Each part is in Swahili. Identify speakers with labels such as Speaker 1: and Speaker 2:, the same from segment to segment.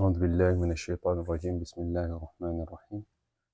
Speaker 1: أعوذ بالله من الشيطان الرجيم بسم الله الرحمن الرحيم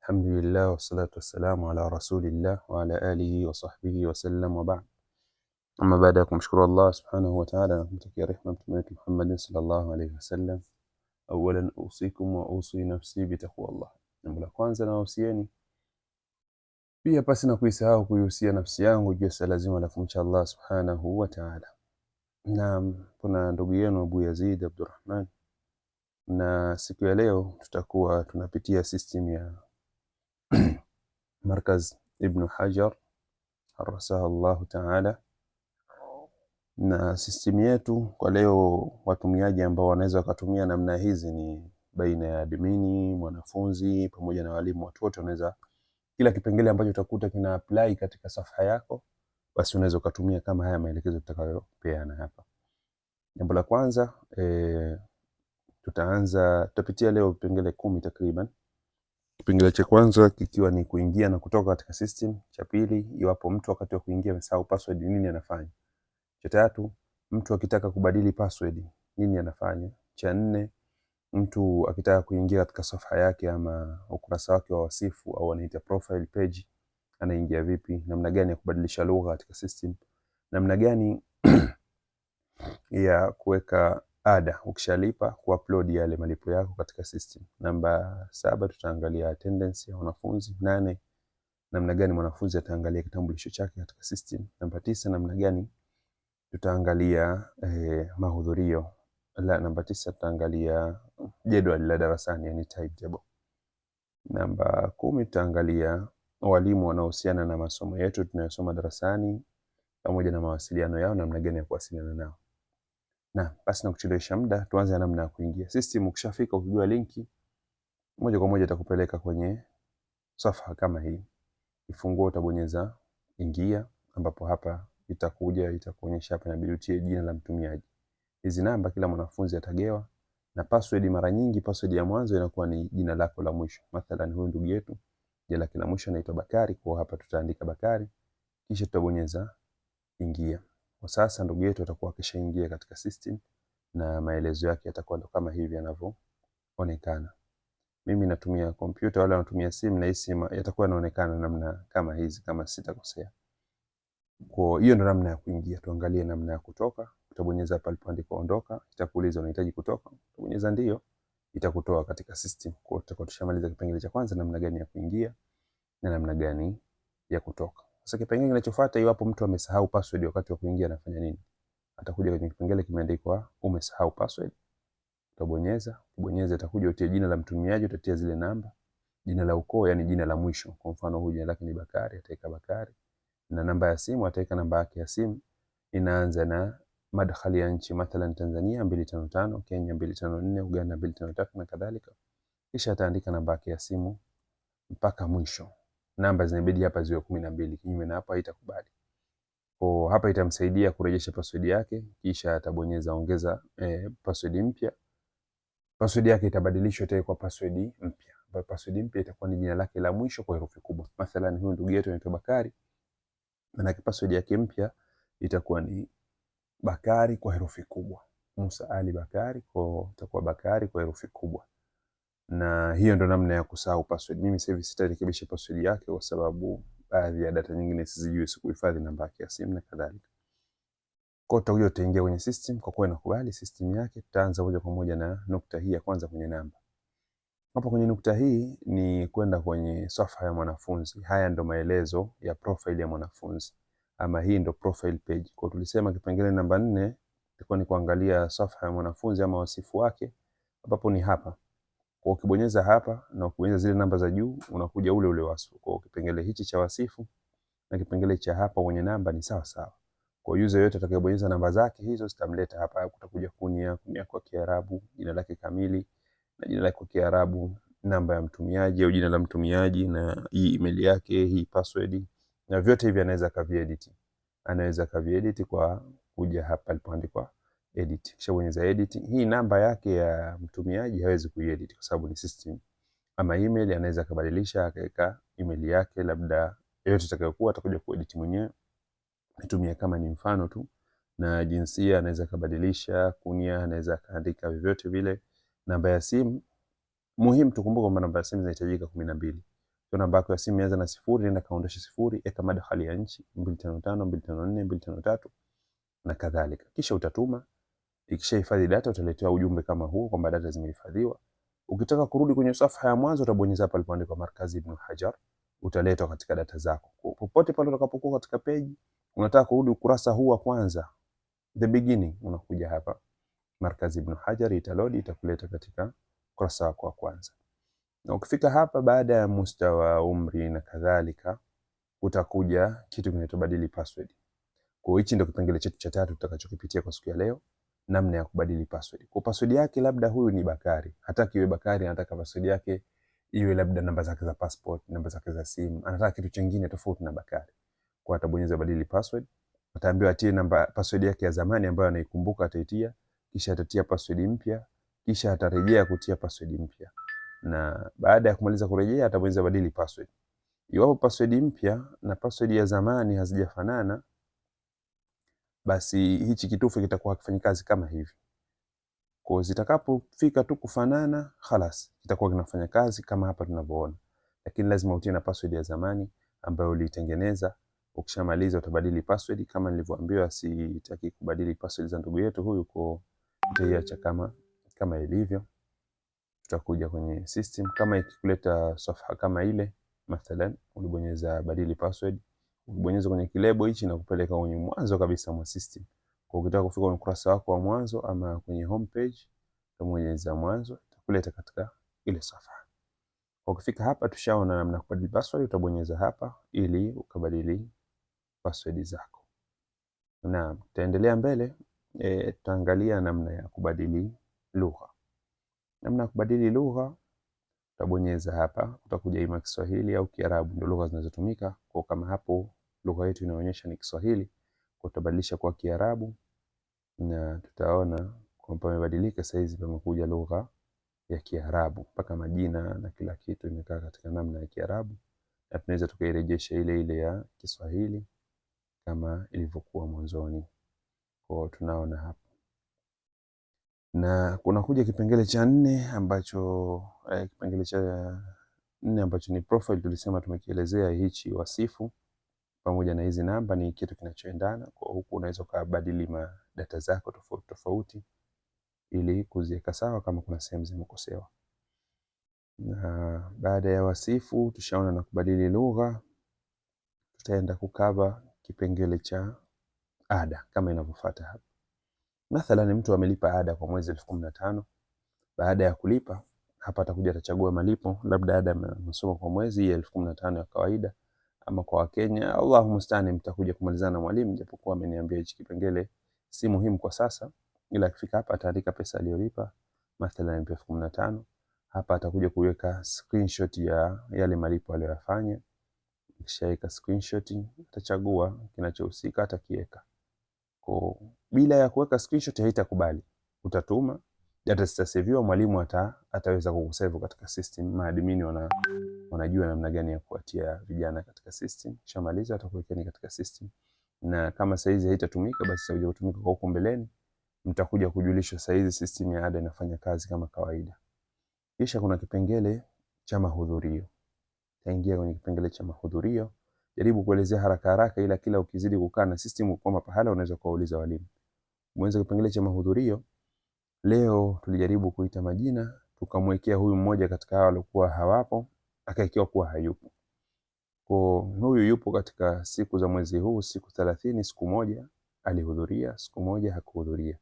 Speaker 1: الحمد لله والصلاة والسلام على رسول الله وعلى آله وصحبه وسلم وبعد أما بعد أشكر الله سبحانه وتعالى نعمتك يا رحمة محمد صلى الله عليه وسلم أولا أوصيكم وأوصي نفسي بتقوى الله نملا la kwanza nawausieni pia pasi na kuisahau kuihusia nafsi لازم لكم إن شاء الله سبحانه وتعالى نعم wa ta'ala. Naam, يزيد عبد الرحمن na siku ya leo tutakuwa tunapitia system ya Markaz Ibn Hajar harasaha Allahu taala, na system yetu kwa leo watumiaji ambao wanaweza wakatumia namna hizi ni baina ya admini mwanafunzi pamoja na walimu. Watu wote wanaweza, kila kipengele ambacho utakuta kina apply katika safha yako, basi unaweza ukatumia kama haya maelekezo tutakayopeana hapa. Jambo la kwanza eh, Tutaanza, tutapitia leo vipengele kumi takriban. Kipengele cha kwanza kikiwa ni kuingia na kutoka katika system. Cha pili, iwapo mtu wakati wa kuingia amesahau password, nini anafanya? Cha tatu, mtu akitaka kubadili password, nini anafanya? Cha nne, mtu akitaka kuingia katika safa yake ama ukurasa wake wa wasifu au anaita profile page, anaingia vipi? Namna gani ya kubadilisha lugha katika system? Namna gani ya kuweka ada ukishalipa kuupload yale malipo yako katika system. Namba saba tutaangalia attendance ya wanafunzi. Nane, namna gani mwanafunzi ataangalia kitambulisho chake katika system. Namba tisa, namna gani tutaangalia eh, mahudhurio. La, namba tisa tutaangalia jedwali la darasani yani timetable. Namba kumi tutaangalia walimu wanaohusiana na masomo yetu tunayosoma darasani pamoja na mawasiliano yao, namna gani ya kuwasiliana nao. Na basi na kuchelewesha muda, tuanze na namna ya kuingia system. Ukishafika ukijua linki moja kwa moja itakupeleka kwenye safa kama hii. Ifungua, utabonyeza ingia, ambapo hapa itakuja itakuonyesha hapa, inabidi utie jina la mtumiaji. Hizi namba kila mwanafunzi atagewa, na password. Mara nyingi password ya mwanzo inakuwa ni jina lako la mwisho. Mathalan, huyu ndugu yetu jina lake la mwisho anaitwa Bakari, kwa hapa tutaandika Bakari, kisha tutabonyeza ingia. Kwa sasa ndugu yetu atakuwa akishaingia katika system na maelezo yake yatakuwa ndo kama hivi yanavyoonekana. Mimi natumia kompyuta, wala natumia simu, na hisi yatakuwa yanaonekana namna kama hizi, kama sitakosea. Kwa hiyo ndo namna ya kuingia. Tuangalie namna ya kutoka. Utabonyeza hapa palipoandikwa ondoka, itakuuliza unahitaji kutoka, utabonyeza ndio, itakutoa katika system. Kwa hiyo tutakuwa tushamaliza kipengele cha kwanza, namna gani ya kuingia na namna gani ya kutoka. Sasa kipengele kinachofuata, iwapo mtu amesahau password wakati wa kuingia anafanya nini? Atakuja kwenye kipengele kimeandikwa umesahau password. Utabonyeza, ubonyeza atakuja utie jina la mtumiaji, utatia zile namba, jina la ukoo, yani jina la mwisho. Kwa mfano huyu jina lake ni Bakari, ataweka Bakari, na namba ya simu ataweka namba yake ya simu, inaanza na madkhali ya nchi, mathalan Tanzania 255, Kenya 254, Uganda 253 na kadhalika. Kisha ataandika namba yake ya simu mpaka mwisho namba zinabidi hapa ziwe kumi na mbili kinyume na hapa haitakubali. Kwa hapa itamsaidia kurejesha password yake, kisha atabonyeza ongeza e, password mpya. Password yake itabadilishwa, kwa password mpya ambayo password mpya itakuwa ni jina lake la mwisho kwa herufi kubwa. Mathalan, huyu ndugu yetu anaitwa Bakari, maana password yake mpya itakuwa ni Bakari kwa herufi kubwa. Musa Ali Bakari, kwa itakuwa Bakari kwa herufi kubwa na hiyo ndo namna ya kusahau password. Mimi sasa hivi sitarekebisha password yake kwa sababu baadhi ya data nyingine sizijui, sikuhifadhi namba yake ya simu na kadhalika. Kwa hiyo utaingia kwenye system, kwa kuwa inakubali system yake, tutaanza moja kwa moja na nukta hii ya kwanza kwenye namba. Hapa kwenye nukta hii ni kwenda kwenye safa ya mwanafunzi. Haya ndo maelezo ya profile ya mwanafunzi, ama hii ndo profile page. Kwa tulisema kipengele namba nne ilikuwa ni kuangalia safa ya mwanafunzi ama wasifu wake, ambapo ni hapa kwa ukibonyeza hapa na ukibonyeza zile namba za juu unakuja ule ule wasifu. Kwa kipengele hichi cha wasifu na kipengele cha hapa kwenye namba ni sawa sawa. Kwa user yote atakayebonyeza namba zake hizo zitamleta hapa, kutakuja kunia kunia kwa Kiarabu, jina lake kamili na jina lake kwa Kiarabu, namba ya mtumiaji au jina la mtumiaji na hii email yake, hii password na vyote hivi anaweza kaviedit. Anaweza kaviedit kwa kuja hapa alipoandikwa edit. Kisha bonyeza edit. Hii namba yake ya mtumiaji hawezi kuiedit kwa sababu ni system. Ama email anaweza akabadilisha akaweka email yake, labda yote itakayokuwa atakuja kuedit mwenyewe. Mtumia kama ni mfano tu, na jinsia anaweza akabadilisha, kunia anaweza kaandika vyovyote vile. Namba ya simu, muhimu tukumbuke kwamba namba ya simu zinahitajika 12. Kwa namba yako ya simu inaanza na sifuri, nenda kaondosha sifuri, eka mada hali ya nchi 255 254 253 na kadhalika, kisha utatuma Ikishahifadhi data utaletewa ujumbe kama huu kwamba data zimehifadhiwa. Ukitaka kurudi kwenye safha ya mwanzo utabonyeza pale palipoandikwa Markazi Ibn Hajar, utaletwa katika data zako. Popote pale utakapokuwa katika peji, unataka kurudi ukurasa huu wa kwanza, the beginning, unakuja hapa Markazi Ibn Hajar, italodi itakuleta katika ukurasa wako wa kwanza. Na ukifika hapa, baada ya mustawa, umri na kadhalika, utakuja kitu kinachobadili password. Kwa hiyo hichi ndio kipengele chetu cha tatu tutakachokipitia kwa siku ya leo namna ya kubadili password. Kwa password yake labda huyu ni Bakari, hataki iwe Bakari, anataka password yake iwe labda namba zake za passport, namba zake za simu, anataka kitu kingine tofauti na Bakari. Kwa atabonyeza badili password, ataambiwa atie namba password yake ya zamani ambayo anaikumbuka ataitia, kisha atatia password mpya, kisha atarejea kutia password mpya. Na baada ya kumaliza kurejea atabonyeza badili password. Iwapo password mpya na password ya zamani hazijafanana basi hichi kitufe kitakuwa hakifanyi kazi kama hivi. Kwa zitakapofika tu kufanana, halas kitakuwa kinafanya kazi kama hapa tunavyoona, lakini lazima utie na password ya zamani ambayo uliitengeneza. Ukishamaliza utabadili password kama nilivyoambiwa, sitaki kubadili password za ndugu yetu huyu, kwa utaiacha kama kama ilivyo. Tutakuja kwenye system, kama ikikuleta safha kama ile, mathalan ulibonyeza badili password Ukibonyeza kwenye kilebo hichi na kupeleka kwenye mwanzo kabisa mwa system. Kwa ukitaka kufika kwenye ukurasa wako wa mwanzo ama kwenye homepage, utabonyeza mwanzo, itakuleta katika ile safari. Kwa ukifika hapa, tushaona namna kubadili password, utabonyeza hapa ili ukabadili password zako. Na tutaendelea mbele, e, tutaangalia namna ya kubadili lugha. Namna ya kubadili lugha utabonyeza hapa, utakuja ima Kiswahili au Kiarabu, ndio lugha zinazotumika kwa. Kama hapo lugha yetu inaonyesha ni Kiswahili, kwa tutabadilisha kwa Kiarabu na tutaona kwamba pamebadilika saizi, pamekuja lugha ya Kiarabu, mpaka majina na kila kitu imekaa katika namna ya Kiarabu, na tunaweza tukairejesha ile ile ya Kiswahili kama ilivyokuwa mwanzoni. Kwa tunaona hapa na kunakuja kipengele cha nne ambacho eh, kipengele cha nne ambacho ni profile, tulisema tumekielezea hichi wasifu pamoja na hizi namba ni kitu kinachoendana kwa huku, unaweza ukabadili data zako tofauti tofauti ili kuziweka sawa kama kuna sehemu zimekosewa. Na baada ya wasifu tushaona na kubadili lugha, tutaenda kukava kipengele cha ada kama inavyofuata hapa. Mathalan, mtu amelipa ada kwa mwezi elfu kumi na tano. Baada ya kulipa hapa, atakuja atachagua malipo, labda ada masomo kwa mwezi ya elfu kumi na tano ya kawaida, ama kwa Wakenya. Allahu mustani, mtakuja kumalizana na mwalimu, japokuwa ameniambia hichi kipengele si muhimu kwa sasa, ila akifika hapa ataandika pesa aliyolipa, mathalan elfu kumi na tano. Hapa atakuja kuweka screenshot ya yale malipo aliyoyafanya, kisha weka screenshot, atachagua kinachohusika atakiweka kwa bila ya kuweka screenshot haitakubali. Utatuma data zitasaveiwa, mwalimu ata, ataweza kukusave katika system. Maadmini wana wanajua namna gani ya kuatia vijana katika system. Shamaliza atakuwekeni katika system, na kama saizi haitatumika basi itakuja kutumika kwa huko mbeleni, mtakuja kujulishwa saizi system ya ada inafanya kazi kama kawaida. Kisha kuna kipengele cha mahudhurio. Taingia kwenye kipengele cha mahudhurio, jaribu kuelezea haraka haraka, ila kila ukizidi kukaa na system kwamba pahala unaweza kuwauliza walimu. Mwenza kipengele cha mahudhurio, leo tulijaribu kuita majina, tukamwekea huyu mmoja katika hao waliokuwa hawapo, akaekewa kuwa hayupo. Kwa huyu yupo katika siku za mwezi huu, siku 30, siku moja alihudhuria, siku moja hakuhudhuria.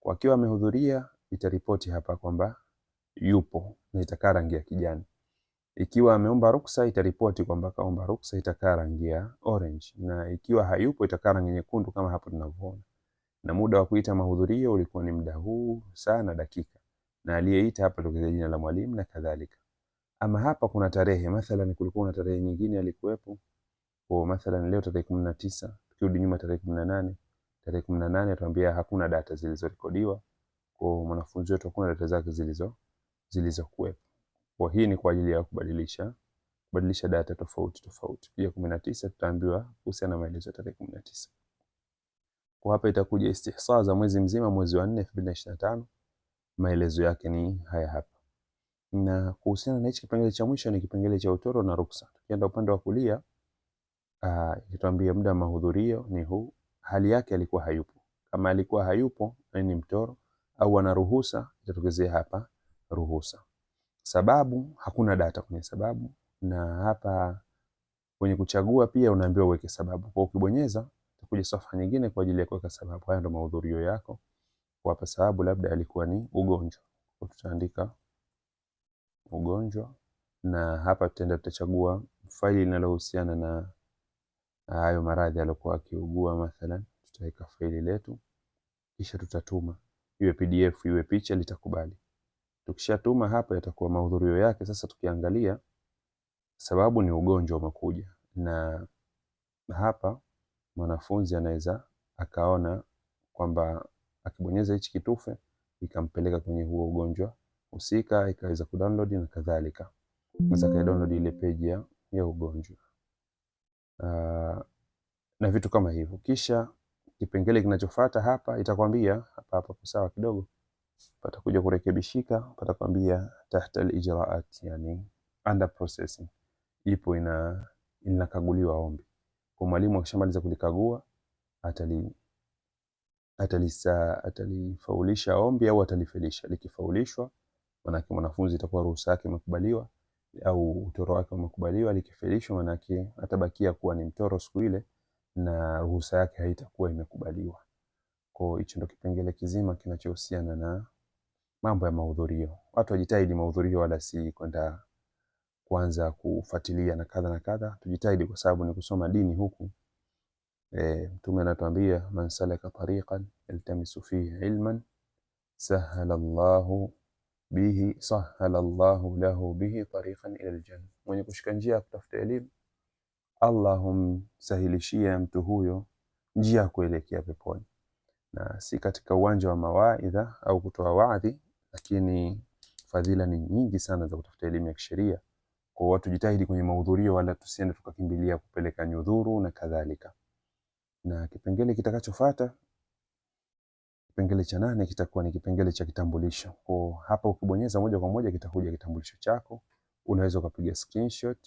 Speaker 1: Kwa akiwa amehudhuria, itaripoti hapa kwamba yupo na itakaa rangi ya kijani. Ikiwa ameomba ruksa, itaripoti kwamba kaomba ruksa, itakaa rangi ya orange, na ikiwa hayupo, itakaa rangi nyekundu kama hapo tunavyoona na muda wa kuita mahudhurio ulikuwa ni muda huu, saa na dakika, na aliyeita hapa tokeza jina la mwalimu na kadhalika. Ama hapa kuna tarehe, mathalan kulikuwa na tarehe nyingine alikuwepo kwa mathalan leo tarehe 19, tukirudi nyuma tarehe 18, tarehe 18 atuambia hakuna data zilizorekodiwa kwa mwanafunzi wetu, hakuna data zake zilizo zilizokuwepo. Kwa hii ni kwa ajili ya kubadilisha kubadilisha data tofauti tofauti. Pia 19 tutaambiwa kuhusiana na maelezo ya tarehe 19. Kwa hapa itakuja istihsa za mwezi mzima, mwezi wa 4 2025. Maelezo yake ni haya hapa. Na kuhusiana na hichi kipengele cha mwisho ni kipengele cha utoro na ruksa. Tukienda upande wa kulia, ah, itatuambia muda wa mahudhurio ni huu, hali yake alikuwa hayupo. Kama alikuwa hayupo ni mtoro, au ana ruhusa, itatokezea hapa ruhusa. Sababu hakuna data kwenye sababu, na hapa kwenye kuchagua pia unaambiwa uweke sababu, kwa ukibonyeza kuja safa nyingine kwa ajili ya kuweka sababu. Haya ndo mahudhurio yako, kuwapa sababu, labda alikuwa ni ugonjwa, tutaandika ugonjwa, na hapa tutaenda tutachagua faili linalohusiana na hayo maradhi aliyokuwa akiugua mathalan, tutaweka faili letu, kisha tutatuma, iwe PDF iwe picha, litakubali. Tukishatuma hapa, yatakuwa mahudhurio yake. Sasa tukiangalia, sababu ni ugonjwa umekuja, na hapa mwanafunzi anaweza akaona kwamba akibonyeza hichi kitufe ikampeleka kwenye huo ugonjwa husika, ikaweza kudownload na kadhalika. Sasa ka download ile page ya ya ugonjwa uh, na vitu kama hivyo. Kisha kipengele kinachofuata hapa itakwambia hapa hapa sawa kidogo, patakuja kurekebishika, patakwambia tahta al-ijraat, yani under processing, ipo ina inakaguliwa ombi mwalimu akishamaliza kulikagua atali atalisa atalifaulisha ombi au atalifelisha. Likifaulishwa manake mwanafunzi itakuwa ruhusa yake imekubaliwa au utoro wake umekubaliwa. Likifelishwa manake atabakia kuwa ni mtoro siku ile na ruhusa yake haitakuwa imekubaliwa. Kwa hicho ndo kipengele kizima kinachohusiana na mambo ya mahudhurio. Watu wajitahidi mahudhurio, wala si kwenda kuanza kufuatilia na kadha na kadha. Tujitahidi kwa sababu ni kusoma dini huku. E, Mtume anatuambia man salaka tariqan yaltamisu fihi ilman sahala llahu bihi sahala Allahu lahu bihi tariqan ila aljanna, mwenye kushika njia ya kutafuta elimu Allah humsahilishia mtu huyo njia ya kuelekea peponi. Na si katika uwanja wa mawaidha au kutoa waadhi, lakini fadhila ni nyingi sana za kutafuta elimu ya kisheria. Kwa watu jitahidi kwenye mahudhurio, wala tusiende tukakimbilia kupeleka nyudhuru na kadhalika. Na kipengele kitakachofuata kipengele cha nane kitakuwa ni kipengele cha kitambulisho. Kwa hapa ukibonyeza moja kwa moja kitakuja kitambulisho chako. Unaweza ukapiga screenshot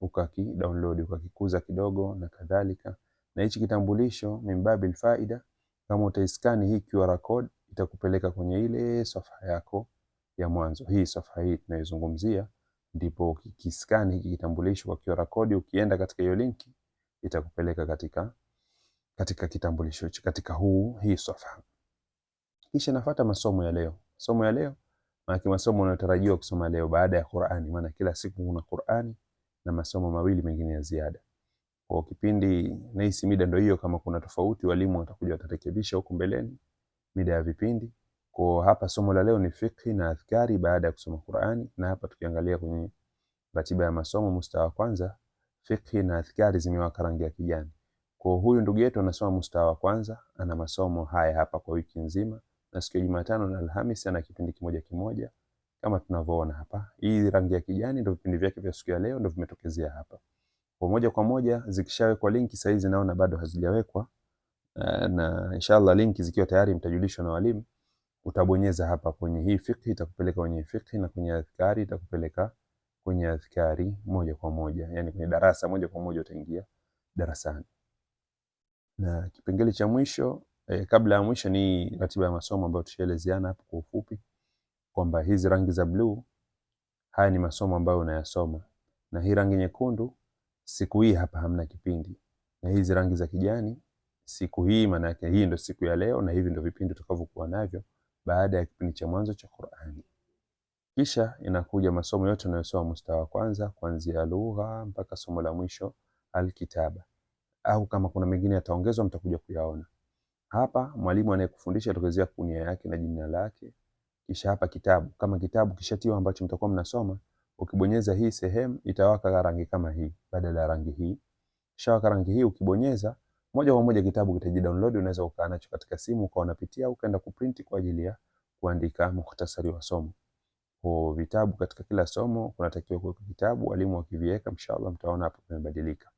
Speaker 1: ukaki download ukakikuza kidogo na kadhalika. Na hichi kitambulisho mimbabil faida, kama utaiskani hii QR code itakupeleka kwenye ile safha yako ya mwanzo, hii safha hii tunayozungumzia ndipo ukikiskani hiki kitambulisho kwa QR code, ukienda katika hiyo linki itakupeleka katika katika kitambulisho katika huu hii safa. Kisha nafuata masomo ya leo, somo ya leo maana masomo unayotarajiwa kusoma leo baada ya Qur'ani, maana kila siku kuna Qur'ani na masomo mawili mengine ya ziada kwa kipindi. Nahisi mida ndio hiyo, kama kuna tofauti walimu watakuja watarekebisha huko mbeleni mida ya vipindi. Kwa hapa somo la leo ni fikhi na adhkari baada ya kusoma Qur'ani, na hapa tukiangalia kwenye ratiba ya masomo mustawa wa kwanza, fikhi na adhkari zimewaka rangi ya kijani. Kwa huyu ndugu yetu anasoma mustawa wa kwanza, ana masomo haya hapa kwa wiki nzima, na siku ya Jumatano na Alhamisi ana kipindi kimoja kimoja kama tunavyoona hapa. Hii rangi ya kijani ndio vipindi vyake vya siku ya leo ndio vimetokezea hapa. Kwa moja kwa moja zikishawekwa linki, sasa hizi naona bado hazijawekwa eh, na inshallah linki zikiwa tayari mtajulishwa na walimu utabonyeza hapa kwenye hii fiqh, itakupeleka kwenye fiqh na kwenye adhkari itakupeleka kwenye adhkari moja kwa moja, yani kwenye darasa moja kwa moja utaingia darasani. Na kipengele cha mwisho eh, kabla ya mwisho ni ratiba ya masomo ambayo tushaelezeana hapo kwa ufupi kwamba hizi rangi za bluu, haya ni masomo ambayo unayasoma, na hii rangi nyekundu siku hii hapa hamna kipindi, na hizi rangi za kijani siku hii, maana yake hii ndio siku ya leo, na hivi ndio vipindi tutakavyokuwa navyo baada ya kipindi cha mwanzo cha Qur'ani. Kisha inakuja masomo yote unayosoma mustawa wa kwanza kuanzia lugha mpaka somo la mwisho alkitaba, au kama kuna mengine yataongezwa mtakuja kuyaona. Hapa mwalimu anayekufundisha atokezea kunia yake na jina lake, kisha hapa kitabu kama kitabu kishatiwa ambacho mtakuwa mnasoma. Ukibonyeza hii sehemu itawaka rangi kama hii badala ya rangi hii, shawaka rangi hii ukibonyeza moja kwa moja kitabu kitaji download, unaweza ukaa nacho katika simu ukawa unapitia, ukaenda kuprinti kwa ajili ya kuandika muhtasari wa somo. Kwa vitabu katika kila somo kunatakiwa kuwepo vitabu, walimu wakiviweka, mshaallah mtaona hapo kimebadilika.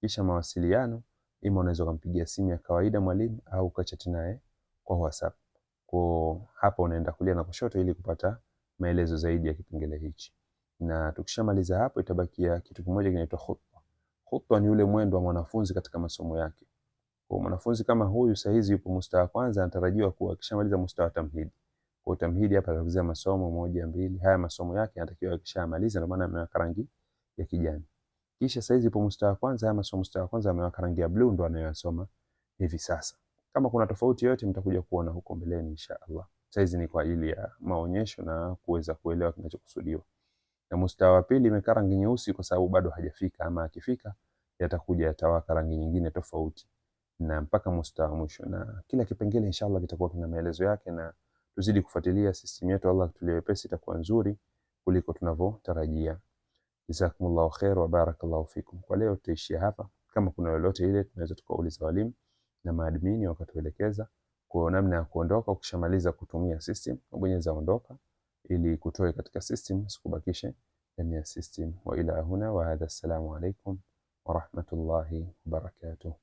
Speaker 1: Kisha mawasiliano, ima unaweza kumpigia simu ya kawaida mwalimu au kachati naye kwa WhatsApp. Kwa hapa unaenda kulia na kushoto ili kupata maelezo zaidi ya kipengele hichi. Na tukishamaliza hapo itabakia kitu kimoja kinaitwa khutwa. Khutwa ni ule mwendo wa mwanafunzi katika masomo yake. Kwa mwanafunzi kama huyu sasa hizi yupo mustawa kwanza, anatarajiwa kuwa akishamaliza mustawa tamhidi. Kwa tamhidi hapa atakuza masomo moja mbili, haya masomo yake anatakiwa akishamaliza, ndio maana ameweka rangi ya kijani. Kisha sasa hizi yupo mustawa kwanza, haya masomo mustawa kwanza ameweka rangi ya blue, ndio anayoyasoma hivi sasa. Kama kuna tofauti yoyote mtakuja kuona huko mbeleni inshaallah. Sasa hizi ni kwa ajili ya maonyesho na kuweza kuelewa kinachokusudiwa. Na mustawa wa pili imekaa rangi nyeusi kwa sababu bado hajafika, ama akifika yatakuja yatawaka rangi nyingine tofauti na mpaka musta wa mwisho, na kila kipengele inshallah kitakuwa kina maelezo yake, na tuzidi kufuatilia system yetu. Allah kutulia itakuwa nzuri kuliko tunavyotarajia. Jazakumullahu khair wa barakallahu fikum. Kwa leo tutaishia hapa, kama kuna lolote ile tunaweza tukauliza walimu na maadmini wakatuelekeza kwa namna ya kuondoka. Ukishamaliza kutumia system ubonyeza ondoka, ili kutoe katika system, sikubakishe ndani ya system. Wa ila huna wa hadha, assalamu alaikum wa rahmatullahi wa barakatuh.